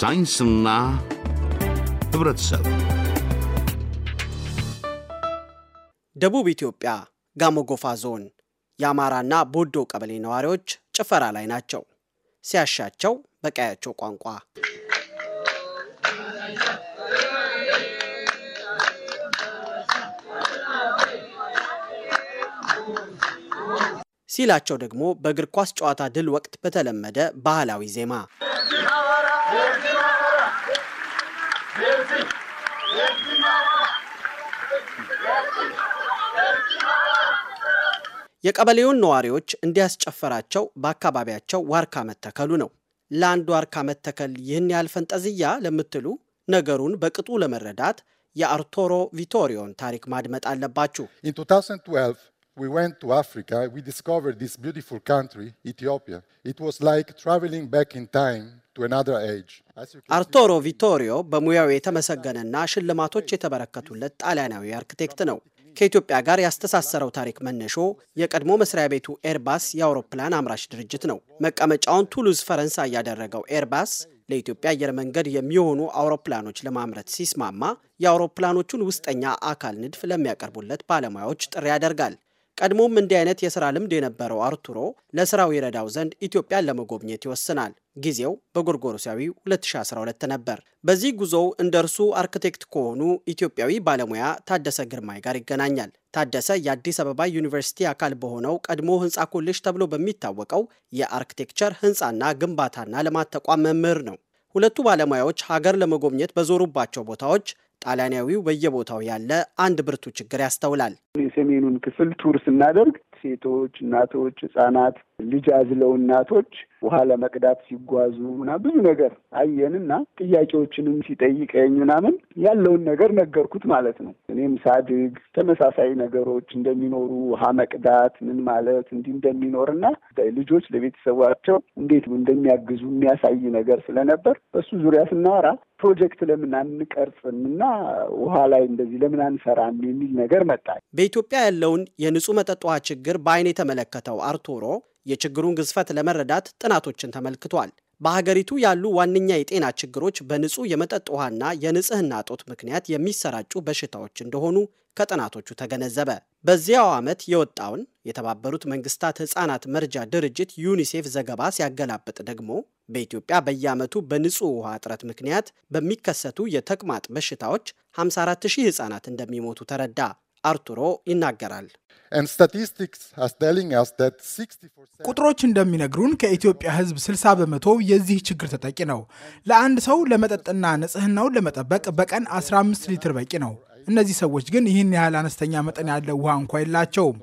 ሳይንስና ህብረተሰብ ደቡብ ኢትዮጵያ ጋሞጎፋ ዞን የአማራና ቦዶ ቀበሌ ነዋሪዎች ጭፈራ ላይ ናቸው ሲያሻቸው በቀያቸው ቋንቋ ሲላቸው ደግሞ በእግር ኳስ ጨዋታ ድል ወቅት በተለመደ ባህላዊ ዜማ የቀበሌውን ነዋሪዎች እንዲያስጨፈራቸው በአካባቢያቸው ዋርካ መተከሉ ነው። ለአንድ ዋርካ መተከል ይህን ያህል ፈንጠዝያ ለምትሉ ነገሩን በቅጡ ለመረዳት የአርቶሮ ቪቶሪዮን ታሪክ ማድመጥ አለባችሁ። we went to Africa, we discovered this beautiful country, Ethiopia. It was like traveling back in time to another age. አርቶሮ ቪቶሪዮ በሙያው የተመሰገነና ሽልማቶች የተበረከቱለት ጣሊያናዊ አርክቴክት ነው። ከኢትዮጵያ ጋር ያስተሳሰረው ታሪክ መነሾ የቀድሞ መስሪያ ቤቱ ኤርባስ የአውሮፕላን አምራች ድርጅት ነው። መቀመጫውን ቱሉዝ ፈረንሳይ ያደረገው ኤርባስ ለኢትዮጵያ አየር መንገድ የሚሆኑ አውሮፕላኖች ለማምረት ሲስማማ የአውሮፕላኖቹን ውስጠኛ አካል ንድፍ ለሚያቀርቡለት ባለሙያዎች ጥሪ ያደርጋል። ቀድሞም እንዲህ አይነት የስራ ልምድ የነበረው አርቱሮ ለስራው ይረዳው ዘንድ ኢትዮጵያን ለመጎብኘት ይወስናል። ጊዜው በጎርጎሮሳዊ 2012 ነበር። በዚህ ጉዞው እንደ እርሱ አርክቴክት ከሆኑ ኢትዮጵያዊ ባለሙያ ታደሰ ግርማይ ጋር ይገናኛል። ታደሰ የአዲስ አበባ ዩኒቨርሲቲ አካል በሆነው ቀድሞ ህንፃ ኮሌጅ ተብሎ በሚታወቀው የአርክቴክቸር ህንፃና ግንባታና ልማት ተቋም መምህር ነው። ሁለቱ ባለሙያዎች ሀገር ለመጎብኘት በዞሩባቸው ቦታዎች ጣሊያናዊው በየቦታው ያለ አንድ ብርቱ ችግር ያስተውላል። የሰሜኑን ክፍል ቱር ስናደርግ ሴቶች፣ እናቶች፣ ህጻናት ልጅ አዝለው እናቶች ውሃ ለመቅዳት ሲጓዙ ምና ብዙ ነገር አየንና ጥያቄዎችንም ሲጠይቀኝ ምናምን ያለውን ነገር ነገርኩት ማለት ነው። እኔም ሳድግ ተመሳሳይ ነገሮች እንደሚኖሩ ውሃ መቅዳት ምን ማለት እንዲህ እንደሚኖርና ልጆች ለቤተሰባቸው እንዴት እንደሚያግዙ የሚያሳይ ነገር ስለነበር በሱ ዙሪያ ስናወራ ፕሮጀክት ለምን አንቀርጽም እና ውሃ ላይ እንደዚህ ለምን አንሰራም የሚል ነገር መጣ። በኢትዮጵያ ያለውን የንጹህ መጠጥ ውሃ ችግር በአይን የተመለከተው አርቶሮ የችግሩን ግዝፈት ለመረዳት ጥናቶችን ተመልክቷል። በሀገሪቱ ያሉ ዋነኛ የጤና ችግሮች በንጹህ የመጠጥ ውሃና የንጽህና እጦት ምክንያት የሚሰራጩ በሽታዎች እንደሆኑ ከጥናቶቹ ተገነዘበ። በዚያው ዓመት የወጣውን የተባበሩት መንግስታት ሕፃናት መርጃ ድርጅት ዩኒሴፍ ዘገባ ሲያገላብጥ ደግሞ በኢትዮጵያ በየዓመቱ በንጹህ ውሃ እጥረት ምክንያት በሚከሰቱ የተቅማጥ በሽታዎች 54 ሺህ ሕፃናት እንደሚሞቱ ተረዳ። አርቱሮ ይናገራል። ቁጥሮች እንደሚነግሩን ከኢትዮጵያ ህዝብ 60 በመቶ የዚህ ችግር ተጠቂ ነው። ለአንድ ሰው ለመጠጥና ንጽህናውን ለመጠበቅ በቀን 15 ሊትር በቂ ነው። እነዚህ ሰዎች ግን ይህን ያህል አነስተኛ መጠን ያለ ውሃ እንኳ የላቸውም።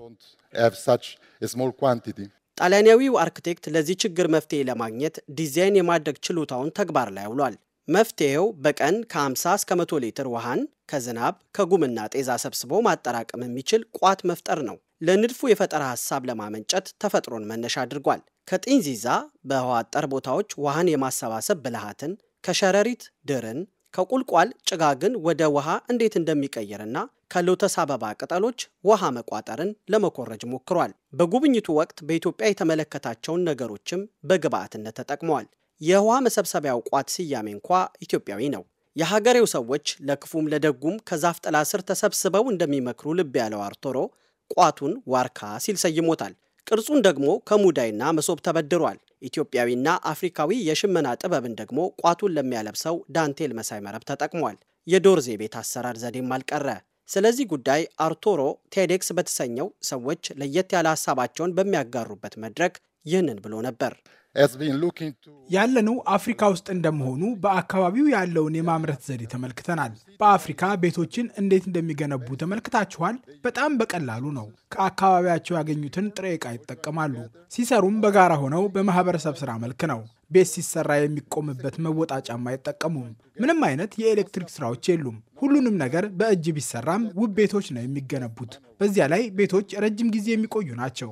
ጣሊያናዊው አርክቴክት ለዚህ ችግር መፍትሄ ለማግኘት ዲዛይን የማድረግ ችሎታውን ተግባር ላይ አውሏል። መፍትሄው በቀን ከ50 እስከ 100 ሊትር ውሃን ከዝናብ ከጉምና ጤዛ ሰብስቦ ማጠራቀም የሚችል ቋት መፍጠር ነው። ለንድፉ የፈጠራ ሀሳብ ለማመንጨት ተፈጥሮን መነሻ አድርጓል። ከጢንዚዛ በውሃ አጠር ቦታዎች ውሃን የማሰባሰብ ብልሃትን፣ ከሸረሪት ድርን፣ ከቁልቋል ጭጋግን ወደ ውሃ እንዴት እንደሚቀይርና ከሎተስ አበባ ቅጠሎች ውሃ መቋጠርን ለመኮረጅ ሞክሯል። በጉብኝቱ ወቅት በኢትዮጵያ የተመለከታቸውን ነገሮችም በግብአትነት ተጠቅመዋል። የውሃ መሰብሰቢያው ቋት ስያሜ እንኳ ኢትዮጵያዊ ነው። የሀገሬው ሰዎች ለክፉም ለደጉም ከዛፍ ጥላ ስር ተሰብስበው እንደሚመክሩ ልብ ያለው አርቶሮ ቋቱን ዋርካ ሲል ሰይሞታል። ቅርጹን ደግሞ ከሙዳይና መሶብ ተበድሯል። ኢትዮጵያዊና አፍሪካዊ የሽመና ጥበብን ደግሞ ቋቱን ለሚያለብሰው ዳንቴል መሳይ መረብ ተጠቅሟል። የዶርዜ ቤት አሰራር ዘዴም አልቀረ። ስለዚህ ጉዳይ አርቶሮ ቴዴክስ በተሰኘው ሰዎች ለየት ያለ ሀሳባቸውን በሚያጋሩበት መድረክ ይህንን ብሎ ነበር። ያለነው አፍሪካ ውስጥ እንደመሆኑ በአካባቢው ያለውን የማምረት ዘዴ ተመልክተናል። በአፍሪካ ቤቶችን እንዴት እንደሚገነቡ ተመልክታችኋል። በጣም በቀላሉ ነው። ከአካባቢያቸው ያገኙትን ጥሬ ዕቃ ይጠቀማሉ። ሲሰሩም በጋራ ሆነው በማህበረሰብ ስራ መልክ ነው። ቤት ሲሰራ የሚቆምበት መወጣጫም አይጠቀሙም። ምንም አይነት የኤሌክትሪክ ስራዎች የሉም። ሁሉንም ነገር በእጅ ቢሰራም ውብ ቤቶች ነው የሚገነቡት። በዚያ ላይ ቤቶች ረጅም ጊዜ የሚቆዩ ናቸው።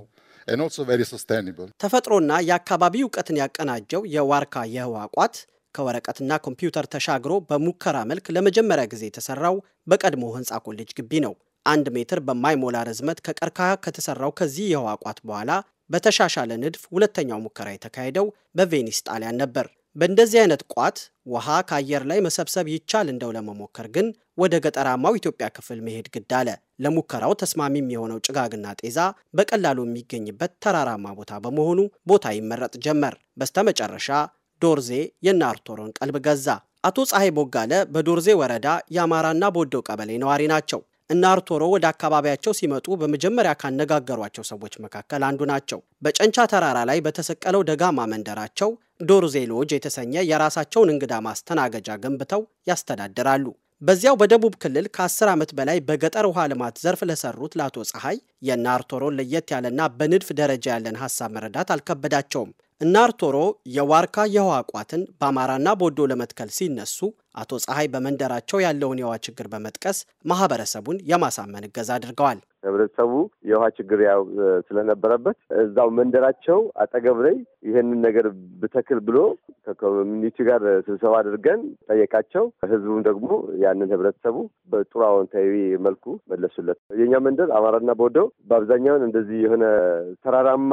ተፈጥሮና የአካባቢ እውቀትን ያቀናጀው የዋርካ የህዋ ቋት ከወረቀትና ኮምፒውተር ተሻግሮ በሙከራ መልክ ለመጀመሪያ ጊዜ የተሰራው በቀድሞ ህንፃ ኮሌጅ ግቢ ነው። አንድ ሜትር በማይሞላ ርዝመት ከቀርከሃ ከተሰራው ከዚህ የህዋ ቋት በኋላ በተሻሻለ ንድፍ ሁለተኛው ሙከራ የተካሄደው በቬኒስ ጣሊያን ነበር። በእንደዚህ አይነት ቋት ውሃ ከአየር ላይ መሰብሰብ ይቻል እንደው ለመሞከር ግን ወደ ገጠራማው ኢትዮጵያ ክፍል መሄድ ግድ አለ። ለሙከራው ተስማሚም የሆነው ጭጋግና ጤዛ በቀላሉ የሚገኝበት ተራራማ ቦታ በመሆኑ ቦታ ይመረጥ ጀመር። በስተመጨረሻ ዶርዜ የእነ አርቶሮን ቀልብ ገዛ። አቶ ፀሐይ ቦጋለ በዶርዜ ወረዳ የአማራና ቦደው ቀበሌ ነዋሪ ናቸው። እነ አርቶሮ ወደ አካባቢያቸው ሲመጡ በመጀመሪያ ካነጋገሯቸው ሰዎች መካከል አንዱ ናቸው። በጨንቻ ተራራ ላይ በተሰቀለው ደጋማ መንደራቸው ዶርዜ ሎጅ የተሰኘ የራሳቸውን እንግዳ ማስተናገጃ ገንብተው ያስተዳድራሉ። በዚያው በደቡብ ክልል ከ10 ዓመት በላይ በገጠር ውሃ ልማት ዘርፍ ለሰሩት ለአቶ ፀሐይ የእነ አርቶሮን ለየት ያለና በንድፍ ደረጃ ያለን ሀሳብ መረዳት አልከበዳቸውም። እነ አርቶሮ የዋርካ የውሃ ቋትን በአማራና በወዶ ለመትከል ሲነሱ አቶ ፀሐይ በመንደራቸው ያለውን የውሃ ችግር በመጥቀስ ማህበረሰቡን የማሳመን እገዛ አድርገዋል። ህብረተሰቡ የውሃ ችግር ያው ስለነበረበት እዛው መንደራቸው አጠገብ ላይ ይህንን ነገር ብተክል ብሎ ከኮሚኒቲ ጋር ስብሰባ አድርገን ጠየቃቸው። ህዝቡም ደግሞ ያንን ህብረተሰቡ በጥሩ አዎንታዊ መልኩ መለሱለት። የኛ መንደር አማራና ቦዶ በአብዛኛውን እንደዚህ የሆነ ተራራማ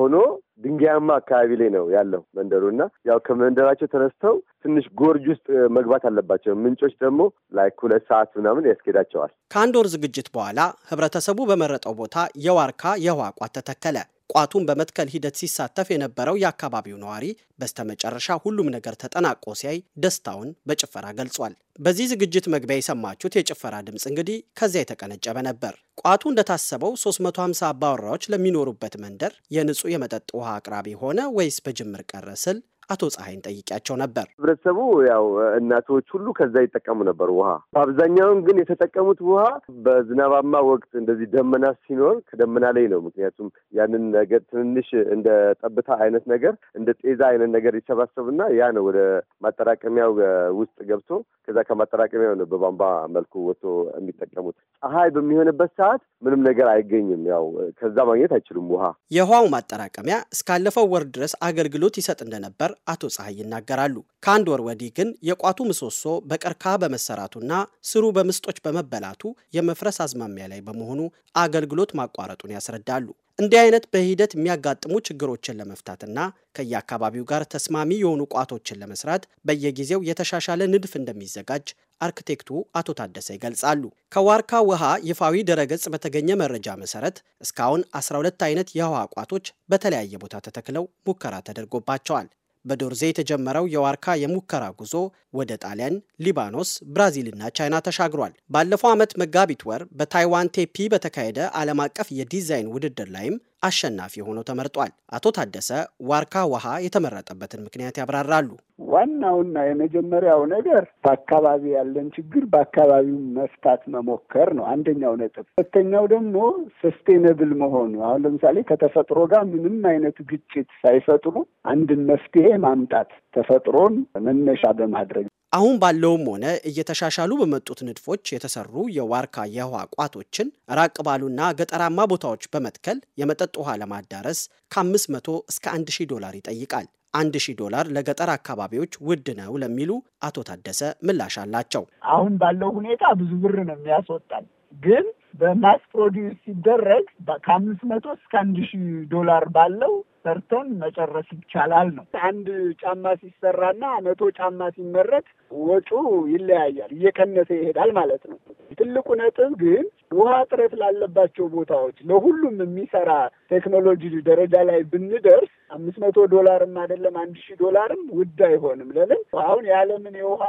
ሆኖ ድንጋያማ አካባቢ ላይ ነው ያለው መንደሩ እና ያው ከመንደራቸው ተነስተው ትንሽ ጎርጅ ውስጥ መግባት አለባቸው። ምንጮች ደግሞ ላይክ ሁለት ሰዓት ምናምን ያስኬዳቸዋል። ከአንድ ወር ዝግጅት በኋላ ህብረተሰቡ በመረጠው ቦታ የዋርካ የውሃ ቋት ተተከለ። ቋቱን በመትከል ሂደት ሲሳተፍ የነበረው የአካባቢው ነዋሪ በስተመጨረሻ ሁሉም ነገር ተጠናቆ ሲያይ ደስታውን በጭፈራ ገልጿል። በዚህ ዝግጅት መግቢያ የሰማችሁት የጭፈራ ድምፅ እንግዲህ ከዚያ የተቀነጨበ ነበር። ቋቱ እንደታሰበው 350 አባወራዎች ለሚኖሩበት መንደር የንጹህ የመጠጥ ውሃ አቅራቢ ሆነ ወይስ በጅምር ቀረ ስል አቶ ፀሐይን ጠይቂያቸው ነበር። ህብረተሰቡ ያው እናቶች ሁሉ ከዛ ይጠቀሙ ነበር ውሃ። በአብዛኛውን ግን የተጠቀሙት ውሃ በዝናባማ ወቅት እንደዚህ ደመና ሲኖር ከደመና ላይ ነው። ምክንያቱም ያንን ነገር ትንንሽ እንደ ጠብታ አይነት ነገር እንደ ጤዛ አይነት ነገር ይሰባሰብና ያ ነው ወደ ማጠራቀሚያው ውስጥ ገብቶ ከዛ ከማጠራቀሚያው ነው በቧንቧ መልኩ ወጥቶ የሚጠቀሙት። ፀሐይ በሚሆንበት ሰዓት ምንም ነገር አይገኝም። ያው ከዛ ማግኘት አይችሉም ውሃ። የውሃው ማጠራቀሚያ እስካለፈው ወር ድረስ አገልግሎት ይሰጥ እንደነበር አቶ ፀሐይ ይናገራሉ። ከአንድ ወር ወዲህ ግን የቋቱ ምሰሶ በቀርከሃ በመሰራቱና ስሩ በምስጦች በመበላቱ የመፍረስ አዝማሚያ ላይ በመሆኑ አገልግሎት ማቋረጡን ያስረዳሉ። እንዲህ አይነት በሂደት የሚያጋጥሙ ችግሮችን ለመፍታትና ከየአካባቢው ጋር ተስማሚ የሆኑ ቋቶችን ለመስራት በየጊዜው የተሻሻለ ንድፍ እንደሚዘጋጅ አርክቴክቱ አቶ ታደሰ ይገልጻሉ። ከዋርካ ውሃ ይፋዊ ድረገጽ በተገኘ መረጃ መሰረት እስካሁን 12 አይነት የውሃ ቋቶች በተለያየ ቦታ ተተክለው ሙከራ ተደርጎባቸዋል። በዶርዜ የተጀመረው የዋርካ የሙከራ ጉዞ ወደ ጣሊያን፣ ሊባኖስ፣ ብራዚልና ቻይና ተሻግሯል። ባለፈው ዓመት መጋቢት ወር በታይዋን ቴፒ በተካሄደ ዓለም አቀፍ የዲዛይን ውድድር ላይም አሸናፊ ሆኖ ተመርጧል። አቶ ታደሰ ዋርካ ውሃ የተመረጠበትን ምክንያት ያብራራሉ። ዋናውና የመጀመሪያው ነገር በአካባቢ ያለን ችግር በአካባቢው መፍታት መሞከር ነው፣ አንደኛው ነጥብ። ሁለተኛው ደግሞ ሰስቴነብል መሆኑ አሁን ለምሳሌ ከተፈጥሮ ጋር ምንም አይነት ግጭት ሳይፈጥሩ አንድን መፍትሄ ማምጣት ተፈጥሮን መነሻ በማድረግ አሁን ባለውም ሆነ እየተሻሻሉ በመጡት ንድፎች የተሰሩ የዋርካ የውሃ ቋቶችን ራቅ ባሉና ገጠራማ ቦታዎች በመትከል የመጠጥ ውሃ ለማዳረስ ከ500 እስከ 1000 ዶላር ይጠይቃል። 1000 ዶላር ለገጠር አካባቢዎች ውድ ነው ለሚሉ አቶ ታደሰ ምላሽ አላቸው። አሁን ባለው ሁኔታ ብዙ ብር ነው የሚያስወጣል ግን በማስ ፕሮዲውስ ሲደረግ ከአምስት መቶ እስከ አንድ ሺህ ዶላር ባለው ሰርተን መጨረስ ይቻላል ነው። አንድ ጫማ ሲሰራና መቶ ጫማ ሲመረት ወጪው ይለያያል፣ እየቀነሰ ይሄዳል ማለት ነው። ትልቁ ነጥብ ግን ውሃ እጥረት ላለባቸው ቦታዎች ለሁሉም የሚሰራ ቴክኖሎጂ ደረጃ ላይ ብንደርስ አምስት መቶ ዶላርም አይደለም አንድ ሺህ ዶላርም ውድ አይሆንም። ለምን አሁን የዓለምን የውሃ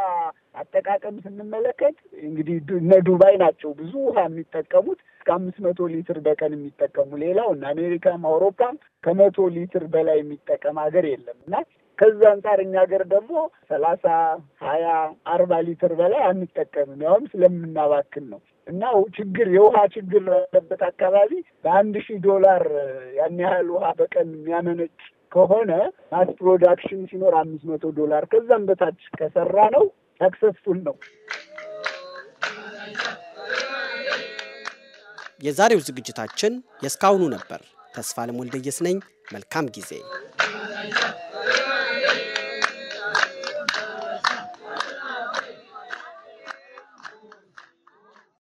አጠቃቀም ስንመለከት እንግዲህ እነ ዱባይ ናቸው ብዙ ውሃ የሚጠቀሙት እስከ አምስት መቶ ሊትር በቀን የሚጠቀሙ ሌላው እና አሜሪካም አውሮፓም ከመቶ ሊትር በላይ የሚጠቀም ሀገር የለም እና ከዛ አንጻር እኛ ሀገር ደግሞ ሰላሳ ሀያ አርባ ሊትር በላይ አንጠቀምም፣ ያውም ስለምናባክን ነው። እና ችግር የውሃ ችግር ባለበት አካባቢ በአንድ ሺህ ዶላር ያን ያህል ውሃ በቀን የሚያመነጭ ከሆነ ማስ ፕሮዳክሽን ሲኖር አምስት መቶ ዶላር ከዛም በታች ከሰራ ነው ሰክሰስፉል ነው። የዛሬው ዝግጅታችን የእስካሁኑ ነበር። ተስፋ ለሞልደየስ ነኝ። መልካም ጊዜ